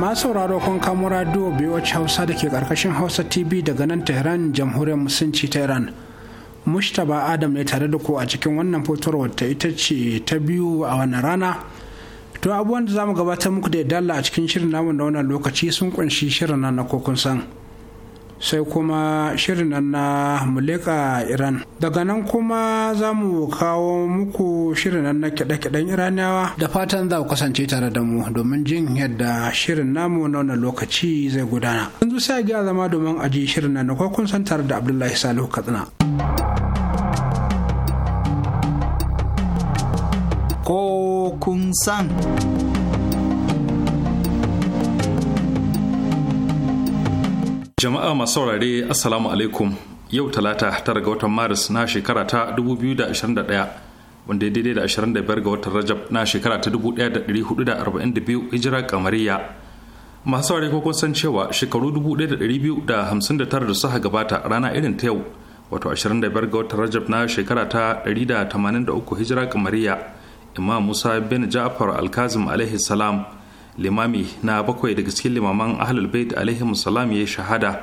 masu sauraro kun kamo radio BOH Hausa da ke karkashin Hausa TV daga nan Tehran jamhuriyar musulunci ta Iran. Mushtaba Adam ne tare da ku a cikin wannan fotowar wata ita ce ta biyu a wannan rana. To abubuwan da za mu gabatar muku da dalla a cikin shirin namun da wannan lokaci sun kunshi shirin nan na kokun sai kuma shirin nan na muleka iran daga nan kuma za mu kawo muku shirin nan na kiɗe-kiɗen iraniyawa da fatan za ku kasance tare da mu domin jin yadda shirin namu na wannan lokaci zai gudana yanzu sai ga zama domin aji shirin nan na kwakwun santar da abdullahi salihu katsina ko kun san jama'a masu saurare assalamu alaikum yau talata tara ga watan maris na shekara ta 2021 wanda ya daidai da 25 ga watan rajab na shekara ta 1442 hijira kamariya masu saurare ko kun san cewa shekaru 1259 da suka gabata rana irin ta yau wato 25 ga watan rajab na shekara ta 183 hijira kamariya imam musa bin ja'far al-kazim alaihi salam limami na bakwai daga cikin limaman ahlul bait alaihi salam ya shahada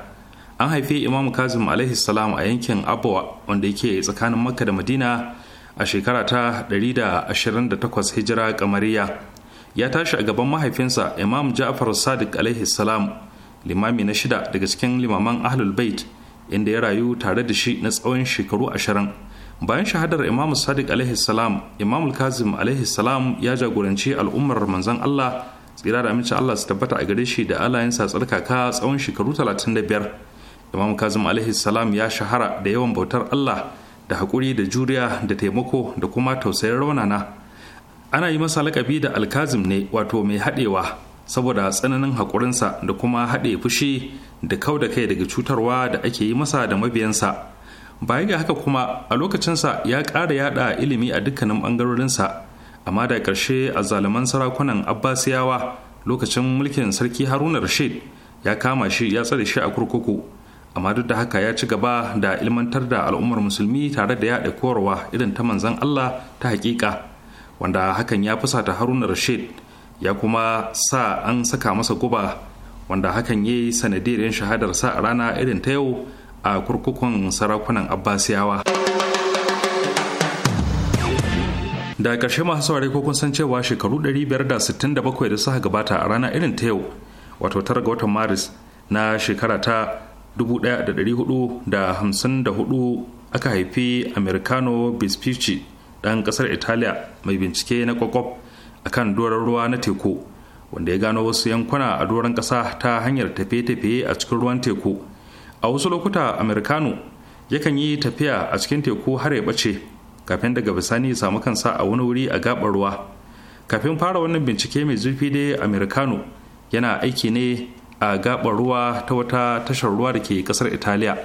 an haifi imam kazim alaihi salam a yankin abuwa wanda yake tsakanin makka da madina a shekara ta 128 hijira kamariya ya tashi a gaban mahaifinsa imam ja'far sadiq alaihi salam limami na shida daga cikin limaman ahlul bait inda ya rayu tare da shi na tsawon shekaru ashirin bayan shahadar imam sadiq alaihi salam imam kazim alaihi salam ya jagoranci al'ummar manzon allah tsira da amincin Allah su tabbata a gare shi da alayensa tsarkaka tsawon shekaru 35 imam kazim alaihi salam ya shahara da yawan bautar Allah da hakuri da juriya da taimako da kuma tausayin raunana ana yi masa lakabi da alkazim ne wato mai haɗewa saboda tsananin haƙurinsa da kuma haɗe fushi da kau da kai daga cutarwa da ake yi masa da mabiyansa bayan ga haka kuma a lokacinsa ya ƙara yada ilimi a dukkanin ɓangarorinsa amma da ƙarshe a zaliman sarakunan abbasiyawa lokacin mulkin sarki haruna rashid ya kama shi ya tsare shi a kurkuku amma duk da haka ya ci gaba da ilmantar da al'ummar musulmi tare da yaɗa korowa irin ta manzan allah ta hakika wanda hakan ya fusata haruna rashid ya kuma sa an saka masa guba wanda hakan ya yi sanadiyar shahadarsa a rana irin ta yau a kurkukun sarakunan abbasiyawa. da ƙarshe masu saurare ko kun san cewa shekaru 567 da suka gabata a rana irin ta yau wato tara ga watan maris na shekara ta 1454 aka haifi americano vespucci ɗan ƙasar italiya mai bincike na kwakwaf akan doron ruwa na teku wanda ya gano wasu yankuna a doron ƙasa ta hanyar tafiye-tafiye a cikin ruwan teku a wasu lokuta americano yakan yi tafiya a cikin teku har ya bace kafin daga bisani ya samu kansa a wani wuri a gabar ruwa kafin fara wannan bincike mai zurfi da americano yana aiki ne a gabar ruwa ta wata tashar ruwa da ke kasar italiya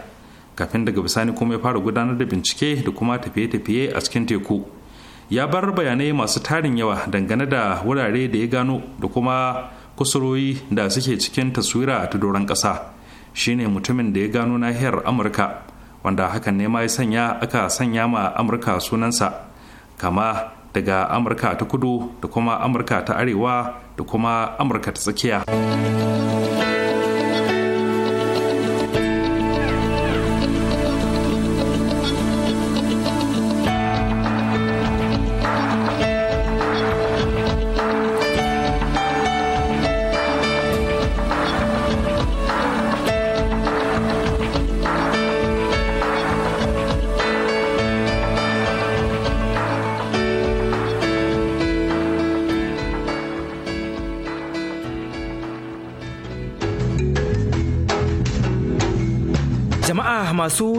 kafin daga bisani kuma ya fara gudanar da bincike da kuma tafiye-tafiye a cikin teku ya bar bayanai masu tarin yawa dangane da wurare da ya gano da kuma kusuroyi da suke cikin taswira ta doron ƙasa shine mutumin da ya gano nahiyar amurka wanda hakan ne ma ya sanya aka sanya ma amurka sunansa kama daga amurka ta kudu da kuma amurka ta arewa da kuma amurka ta tsakiya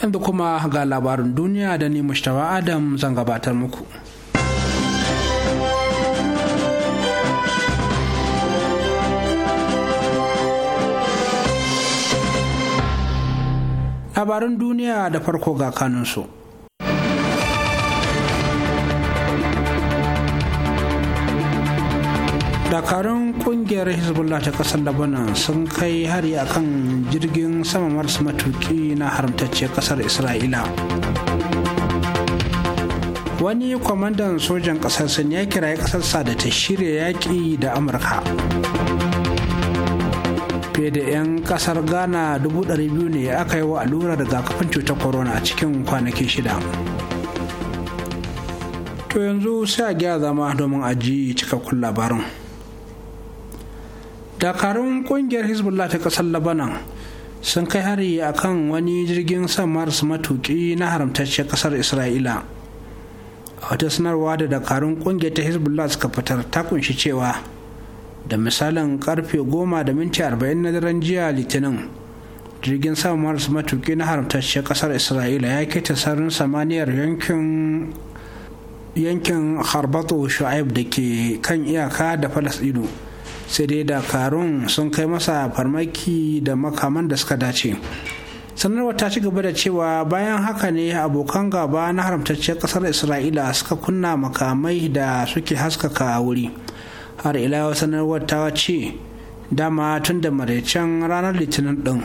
yanzu kuma ga labarin duniya da ni mustawa adam zan gabatar muku labarin duniya da farko ga kanunsu dakarun kungiyar hezbollah ta kasar labanan sun kai hari akan jirgin sama maras matuki na haramtacce kasar isra'ila wani kwamandan sojan kasar sun ya kiraye kasarsa da ta shirya yaƙi da amurka fiye da 'yan kasar ghana 200,000 ne aka yi wa allurar rigakafin cutar corona a cikin kwanaki shida to yanzu sai a gyara zama domin aji cikakkun labarin dakarun kungiyar hezbollah ta kasar labanan sun kai hari a kan wani jirgin Mars matuki na haramtacciyar kasar isra'ila a wata sanarwa da dakarun kungiyar ta hezbollah suka fitar ta kunshi cewa da misalin karfe goma da minti na daren jiya litinin jirgin Mars matuki na haramtacciyar kasar isra'ila ya keta sararin samaniyar yankin yankin harbato shu'aib da ke kan iyaka da falasɗinu sai dai dakarun sun kai masa farmaki da makaman da suka dace sanarwar ta ci gaba da cewa bayan haka ne abokan gaba na haramtacciyar kasar isra'ila suka kunna makamai da suke haskaka a wuri har ila sanarwar ta ce dama tun da maraicen ranar litinin din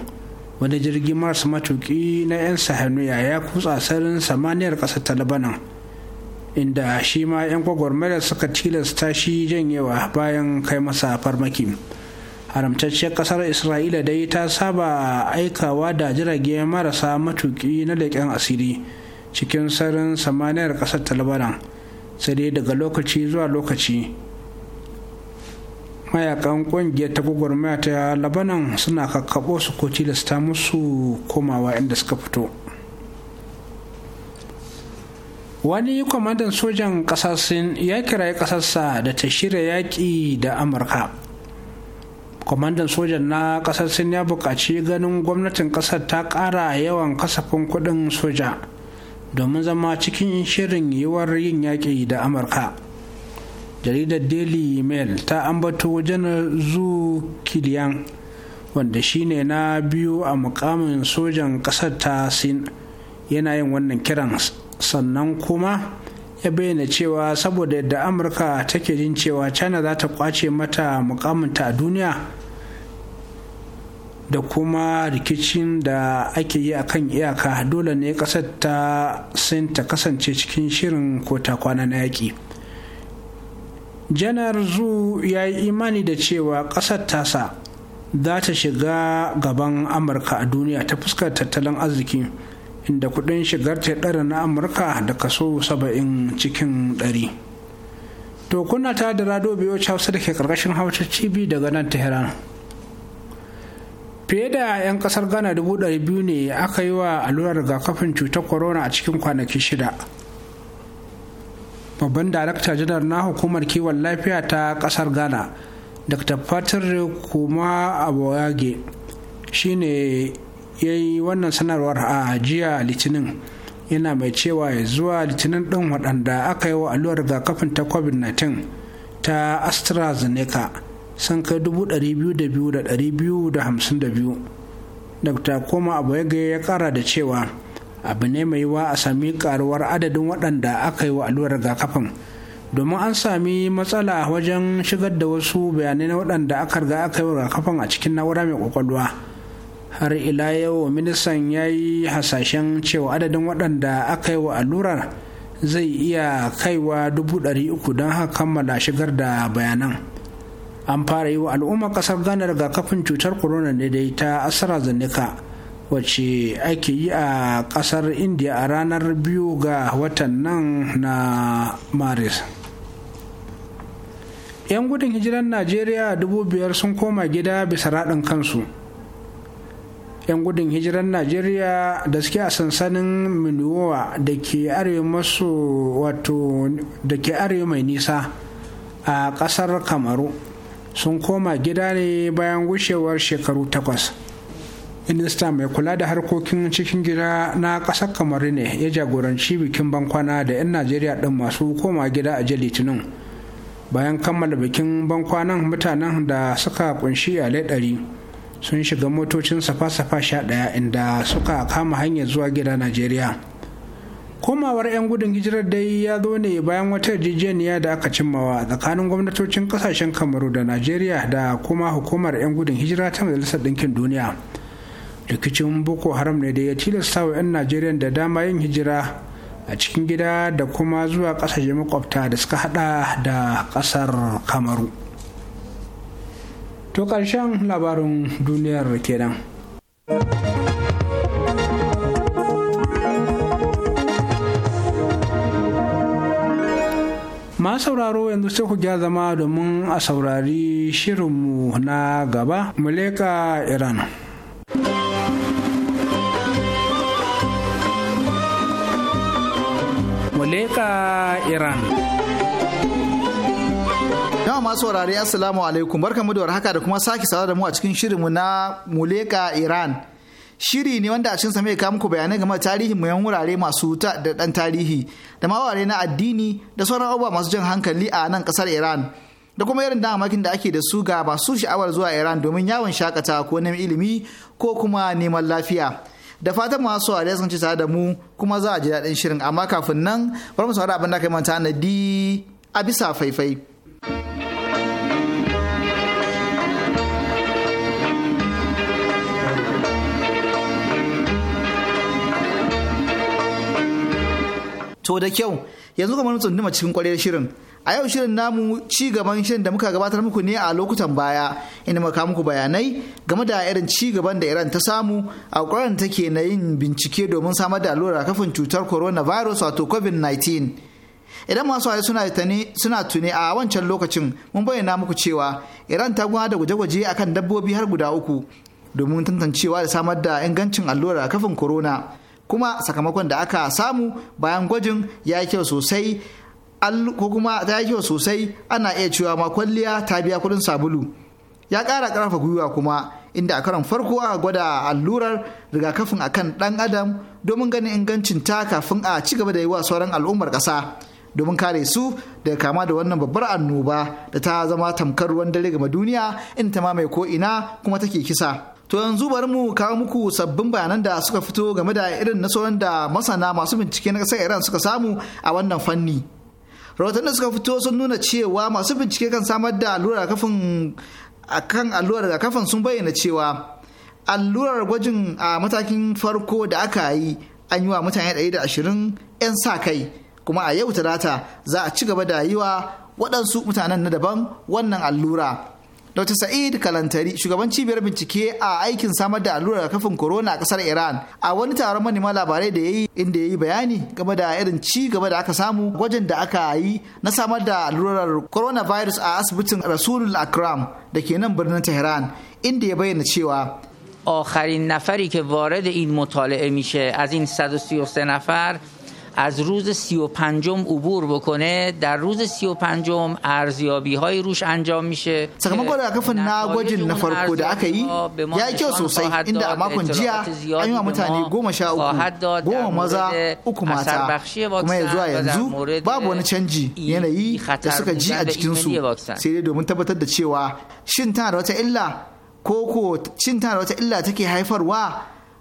wani jirgin marasa matuki na 'yan sahanuya ya kutsa sararin samaniyar kasar ta labanan inda shi ma 'yan kwagwarmaya suka tilasta shi janyewa bayan kai masa farmaki haramtacciyar kasar isra'ila dai ta saba aikawa da jirage marasa matuki na leƙen asiri cikin sarin samaniyar kasar ta labaran sai dai daga lokaci zuwa lokaci mayakan kungiyar ta gwagwarmaya ta labanan suna kakkaɓo su ko tilasta musu komawa inda suka fito wani kwamandan sojan ƙasar sin ya kiraye ƙasarsa da ta shirya yaƙi da amurka kwamandan sojan na ƙasar sin ya buƙaci ganin gwamnatin ƙasar ta ƙara yawan kasafin kuɗin soja domin zama cikin shirin yiwuwar yin yaƙi da amurka jaridar daily mail ta ambato janar zu kiliyan wanda shine na biyu a mukamin sojan ƙasar ta sin yana yin wannan kiran sannan kuma ya bayyana cewa saboda yadda amurka take jin cewa china za ta kwace mata mukaminta a duniya da kuma rikicin da ake yi akan iyaka dole ne kasar ta sin ta kasance cikin shirin ko ta kwana na yaƙi janar zu ya yi imani da cewa kasar tasa za ta shiga gaban amurka a duniya ta fuskar tattalin arziki inda kudin shigar ta ɗara na amurka da kaso 70 cikin 100 to kuna ta da rado biyo hausa da ke karkashin hausa cibi daga nan tehran fiye da 'yan kasar ghana 200,000 ne aka yi wa allurar rigakafin cutar corona a cikin kwanaki shida babban darakta janar na hukumar kiwon lafiya ta kasar ghana dr patrick kuma aboyage shine ya yi wannan sanarwar a jiya litinin yana mai cewa ya zuwa litinin ɗin waɗanda aka yi wa allurar rigakafin ta covid-19 ta astrazeneca sun kai 2,252 dr koma abu ya ya ƙara da cewa abu ne mai yiwa a sami karuwar adadin waɗanda aka yi wa allurar rigakafin domin an sami matsala wajen shigar da wasu bayanai na waɗanda aka riga aka yi wa rigakafin a cikin na'ura mai ƙwaƙwalwa. har ila yau ministan ya yi hasashen cewa adadin waɗanda aka yi wa allurar zai iya kaiwa dubu ɗari uku don haka kammala shigar da bayanan an fara yi wa al'ummar ƙasar ghana kafin cutar corona ne dai ta astrazeneca wacce ake yi a ƙasar india a ranar biyu ga watan nan na maris yan gudun hijiran najeriya biyar sun koma gida bisa raɗin kansu 'yan gudun hijiran najeriya da suke a sansanin minuwa da ke arewa masu wato da ke arewa mai nisa a kasar kamaru sun koma gida ne bayan gushewar shekaru takwas minista mai kula da harkokin cikin gida na ƙasar kamaru ne ya jagoranci bikin bankwana da 'yan najeriya ɗin masu koma gida a jiya litinin bayan kammala bikin bankwanan mutanen da suka kunshi iyalai ɗari sun shiga motocin safa-safa sha ɗaya inda suka kama hanyar zuwa gida najeriya komawar 'yan gudun hijirar dai ya zo ne bayan wata yarjejeniya da aka cimmawa tsakanin gwamnatocin kasashen kamaru da najeriya da kuma hukumar 'yan gudun hijira ta majalisar ɗinkin duniya rikicin boko haram ne da ya tilasta wa 'yan najeriya da dama yin hijira a cikin gida da kuma zuwa ƙasashe makwabta da suka hada da ƙasar kamaru to ƙarshen labarin duniyar kenan. ma sauraro yanzu sai ku gya zama domin a saurari shirinmu na gaba muleka iran muleka iran masu wurare assalamu alaikum barkamu da warhaka da kuma sake sawa da mu a cikin shirinmu na Muleka Iran. Shiri ne wanda a cikin mai kawo muku bayanai game da tarihin muyan wurare masu ta da dan tarihi da ma warare na addini da sauran abubuwa masu jan hankali a nan kasar Iran. Da kuma irin damakin da ake da su ga masu sha'awar zuwa Iran domin yawon shakata ko neman ilimi ko kuma neman lafiya. da fatan masu warare sun ci tare da mu kuma za a ji daɗin shirin amma kafin nan bari mu saurari abin da kai manta na di a bisa faifai. to da kyau yanzu kamar tsunduma cikin kwarewar shirin a yau shirin namu ci gaban shirin da muka gabatar muku ne a lokutan baya inda muka muku bayanai game da irin ci gaban da Iran ta samu a da take na yin bincike domin samar da allurar kafin cutar corona virus wato covid-19 idan masu hari suna tune a wancan lokacin mun bayyana muku cewa Iran ta gwada da gwaje-gwaje akan dabbobi har guda uku domin tantancewa da samar da ingancin allurar kafin corona kuma sakamakon da aka samu bayan gwajin ya yi kyau sosai ko kuma ta kyau sosai ana iya cewa ma kwalliya ta biya kuɗin sabulu ya ƙara ƙarfa gwiwa kuma inda a karon farko aka gwada allurar rigakafin akan ɗan adam domin ganin ingancin ta kafin a ci gaba da yi wa sauran al'ummar ƙasa domin kare su daga kama da wannan babbar annoba da ta zama tamkar ruwan dare game duniya in ta ma mai ko ina kuma take kisa. To yanzu bari mu kawo muku sabbin bayanan da suka fito game da irin nasarorin da masana masu bincike na ƙasar Iran suka samu a wannan fanni. Rahoton suka fito sun nuna cewa masu bincike kan samar da allurar kafin akan allurar kafin sun bayyana cewa allurar gwajin a matakin farko da aka yi an yi wa mutane 120 'yan sa kai kuma a yau talata za a ci gaba da yi wa waɗansu mutanen na daban wannan allura. Dr. Sa'id Kalantari, shugaban cibiyar bincike a aikin samar da allurar kafin corona a kasar Iran, a wani taron manema labarai da ya yi inda ya yi bayani game da irin ci gaba da aka samu gwajin da aka yi na samar da allurar coronavirus a asibitin Rasulul Akram da ke nan birnin Tehran, inda ya bayyana cewa آخرین نفری که وارد این مطالعه میشه از این 133 نفر از روز سی و پنجم عبور بکنه در روز سی و پنجم ارزیابی های روش انجام میشه sakamakon rigakafin na gwajin na farko da aka yi ya kyau sosai inda a makon jiya an yi wa mutane goma sha uku goma maza uku mata kuma ya zuwa yanzu babu wani canji yanayi da suka ji a jikinsu sai dai domin tabbatar da cewa shin tana da wata illa take haifarwa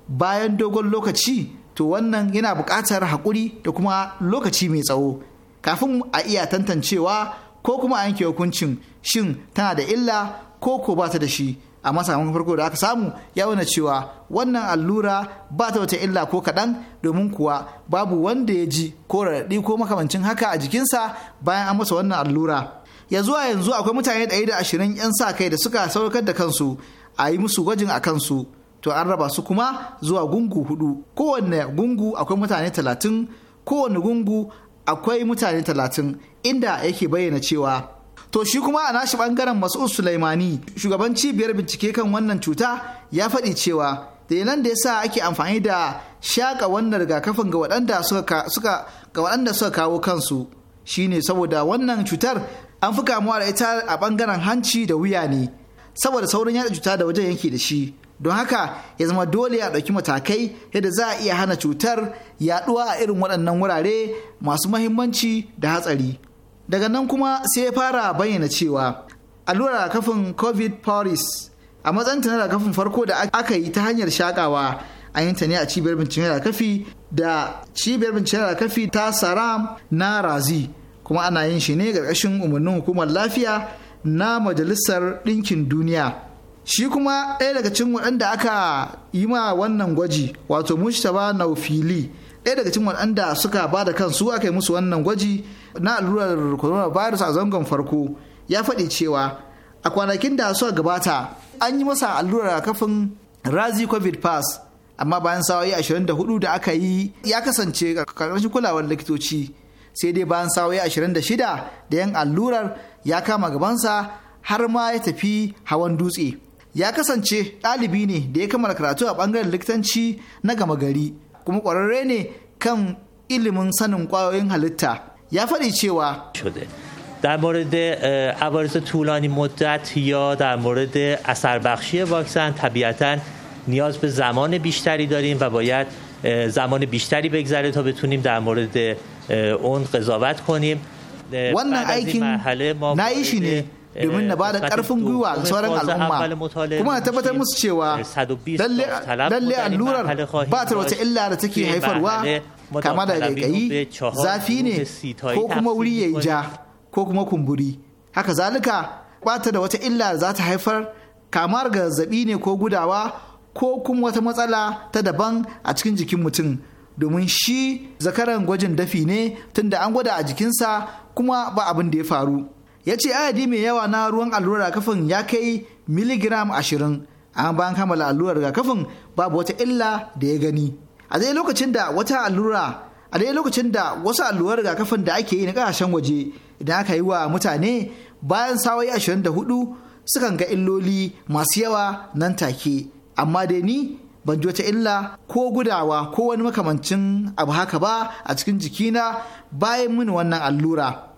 bayan dogon lokaci to wannan yana buƙatar haƙuri da kuma lokaci mai tsawo kafin a iya tantancewa ko kuma a yanke hukuncin shin tana da illa ko ko ba ta da shi amma sakamakon farko da aka samu ya wani cewa wannan allura ba ta wata illa ko kaɗan domin kuwa babu wanda ya ji ko raɗaɗi ko makamancin haka a jikinsa bayan an masa wannan allura ya zuwa yanzu akwai mutane 120 'yan sa kai da suka saukar da kansu a yi musu gwajin a kansu to an raba su kuma zuwa gungu hudu kowanne gungu akwai mutane talatin kowanne gungu akwai mutane talatin inda yake bayyana cewa to shi kuma a nashi bangaren masu sulaimani shugaban cibiyar bincike kan wannan cuta ya faɗi cewa dalilan da ya sa ake amfani da shaƙa wannan rigakafin ga waɗanda suka, ga waɗanda suka kawo kansu shine saboda wannan cutar an fi kamuwa da ita a bangaren hanci da wuya ne saboda saurin yada cuta da wajen yake da shi don haka ya zama dole a ɗauki matakai yadda za a iya hana cutar yaɗuwa a irin waɗannan wurare masu mahimmanci da hatsari daga nan kuma sai ya fara bayyana cewa allurar Rakafin covid paris a matsayinta na Rakafin farko da aka yi ta hanyar shakawa a yi ta ne a cibiyar binciken rakafi da cibiyar binciken rakafi ta saram na razi kuma ana yin shi ne ƙarƙashin umarnin hukumar lafiya na majalisar ɗinkin duniya shi kuma ɗaya daga cikin waɗanda aka yi ma wannan gwaji wato mushtaba naufili ɗaya daga cikin waɗanda suka ba da kansu aka yi musu wannan gwaji na allurar coronavirus a zangon farko ya faɗi cewa a kwanakin da suka gabata an yi masa allurar kafin razi covid pass amma bayan sawayi 24 da aka yi ya kasance karkashin kulawar likitoci sai dai bayan sawayi 26 da yan allurar ya kama gabansa har ma ya tafi hawan dutse ya kasance ɗalibi ne da ya kammala karatu a ɓangaren likitanci na gama gari kuma ƙwararre ne kan ilimin sanin ƙwayoyin halitta ya در مورد عوارض طولانی مدت یا در مورد اثر بخشی واکسن طبیعتا نیاز به زمان بیشتری داریم و باید زمان بیشتری بگذره تا بتونیم در مورد اون قضاوت کنیم نه ایکین Eh, domin na bada karfin gwiwa ga sauran al'umma kuma tabbatar musu cewa eh, lalle allurar ba ta wata illa da take haifarwa kama da gaggayi zafi ne ko kuma wuri ya ja ko kuma kumburi haka zalika ba ta da wata illa za ta haifar kamar ga zabi ne ko gudawa ko kuma wata matsala ta daban a cikin jikin mutum domin shi zakaran gwajin dafi ne tunda an gwada a jikinsa kuma ba abin da ya faru. ya ce adadi mai yawa na ruwan allurar rigakafin ya kai miligiram ashirin an bayan kammala allurar rigakafin babu wata illa da ya gani a dai lokacin da wata allura a dai lokacin da wasu allurar rigakafin da ake yi na kasashen waje idan aka yi wa mutane bayan sawai ashirin da hudu sukan ga illoli masu yawa nan take amma dai ni ban ji wata illa ko gudawa ko wani makamancin abu haka ba a cikin jikina bayan mini wannan allura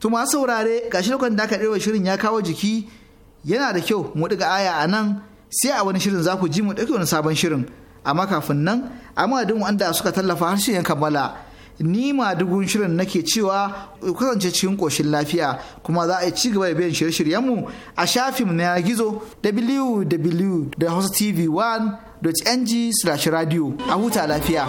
to ma saurare gashi lokacin da aka ɗaya shirin ya kawo jiki yana da kyau mu ɗiga aya a nan sai a wani shirin za ku ji mu ɗauki wani sabon shirin amma kafin nan a madadin wanda suka tallafa har ya kammala ni ma dugun shirin nake cewa ku kasance cikin koshin lafiya kuma za a yi ci gaba da biyan shirye-shiryenmu a shafin na yanar gizo www.hostv1.ng/radio a huta lafiya.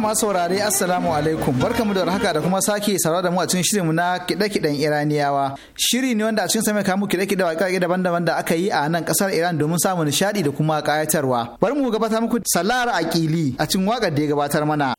jama'a masu saurare assalamu alaikum barkamu da warhaka da kuma sake saurara da mu a cikin shirin mu na kide-kiden Iraniyawa shiri ne wanda a cikin sa mai kamu kide-kide wa daban-daban da aka yi a nan kasar Iran domin samun nishadi da kuma kayatarwa bari mu gabatar muku Salar Aqili a cikin wakar da ya gabatar mana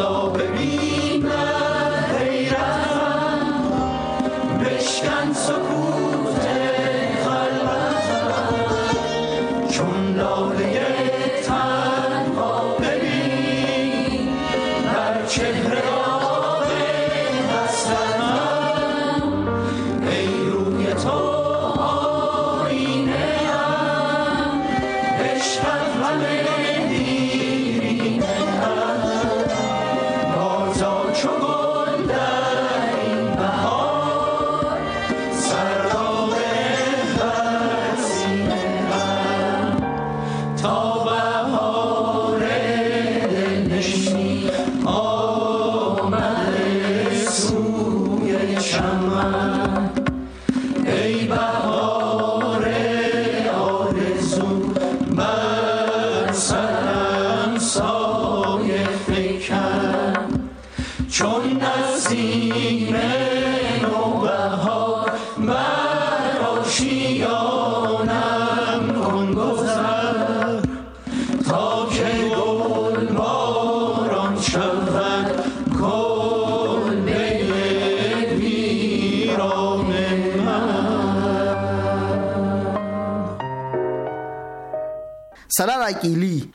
sobre baby.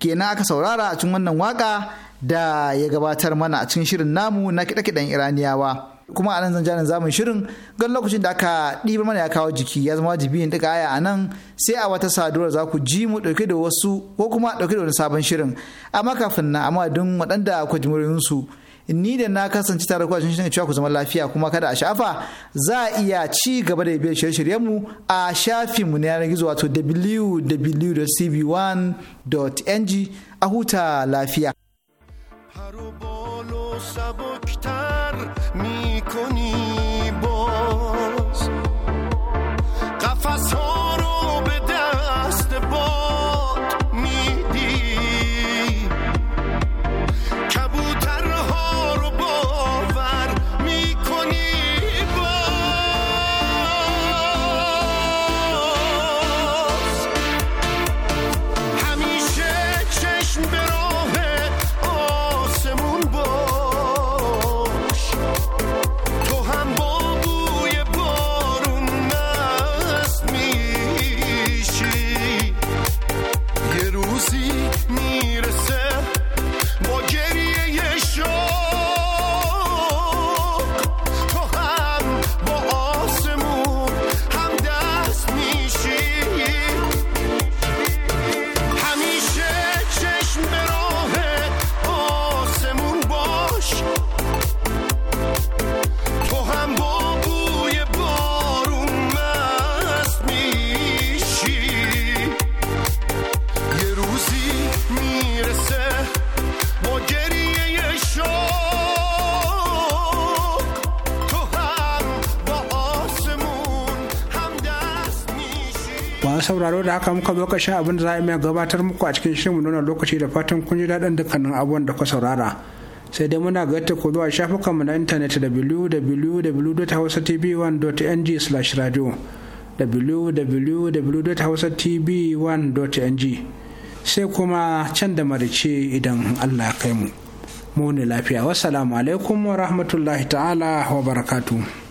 kenan aka saurara a cikin wannan waka da ya gabatar mana a cikin shirin namu na kiɗe-kiɗen iraniyawa kuma a nan zan jani zamun shirin gan lokacin da aka ɗiba mana ya kawo jiki ya zama wajibi in ɗiga aya a nan sai a wata saduwar za ku ji mu ɗauke da wasu ko kuma ɗauke da wani sabon shirin amma kafin na amma don waɗanda ku ji su ni da na kasance tare kuwa shi cewa ku zama lafiya kuma kada a shafa za a iya ci gaba da biyar shirye-shiryen mu a shafin mu na yanar gizo wato www.cb1.ng a huta lafiya. sauraro da aka muka zo abin da za a iya gabatar muku a cikin shirin nuna lokaci da fatan kun ji daɗin dukkanin abubuwan da ku saurara. Sai dai muna gayyata ku zuwa shafukanmu na intanet www.hausatv1.ng/radio www.hausatv1.ng sai kuma can da marice idan Allah ya kai mu. Mu ne lafiya. Wassalamu alaikum wa rahmatullahi ta'ala wa barakatuh.